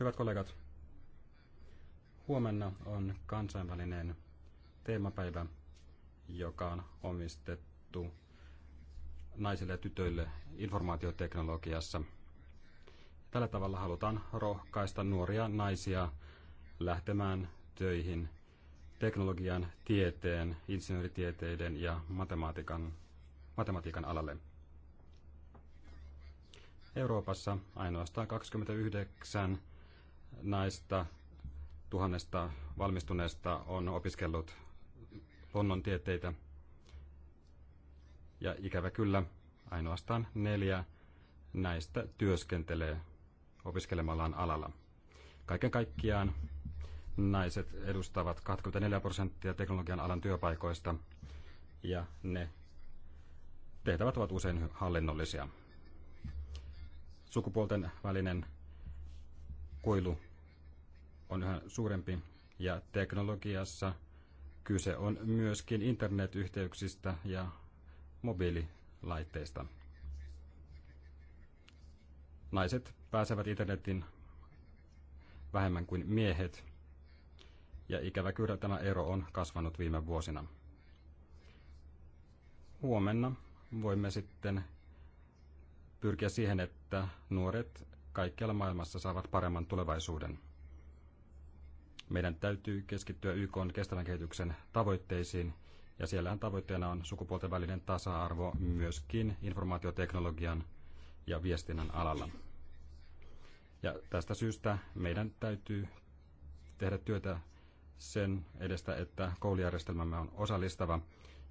Hyvät kollegat, huomenna on kansainvälinen teemapäivä, joka on omistettu naisille ja tytöille informaatioteknologiassa. Tällä tavalla halutaan rohkaista nuoria naisia lähtemään töihin teknologian, tieteen, insinööritieteiden ja matematiikan, matematiikan alalle. Euroopassa ainoastaan 29 näistä tuhannesta valmistuneesta on opiskellut luonnontieteitä. Ja ikävä kyllä, ainoastaan neljä näistä työskentelee opiskelemallaan alalla. Kaiken kaikkiaan naiset edustavat 24 prosenttia teknologian alan työpaikoista ja ne tehtävät ovat usein hallinnollisia. Sukupuolten välinen kuilu on yhä suurempi ja teknologiassa kyse on myöskin internetyhteyksistä ja mobiililaitteista. Naiset pääsevät internetin vähemmän kuin miehet, ja ikävä kyllä tämä ero on kasvanut viime vuosina. Huomenna voimme sitten pyrkiä siihen, että nuoret kaikkialla maailmassa saavat paremman tulevaisuuden. Meidän täytyy keskittyä YK on kestävän kehityksen tavoitteisiin, ja siellähän tavoitteena on sukupuolten välinen tasa-arvo myöskin informaatioteknologian ja viestinnän alalla. Ja tästä syystä meidän täytyy tehdä työtä sen edestä, että koulujärjestelmämme on osallistava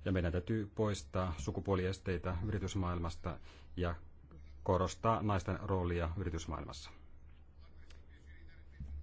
ja meidän täytyy poistaa sukupuoliesteitä yritysmaailmasta ja korostaa naisten roolia yritysmaailmassa.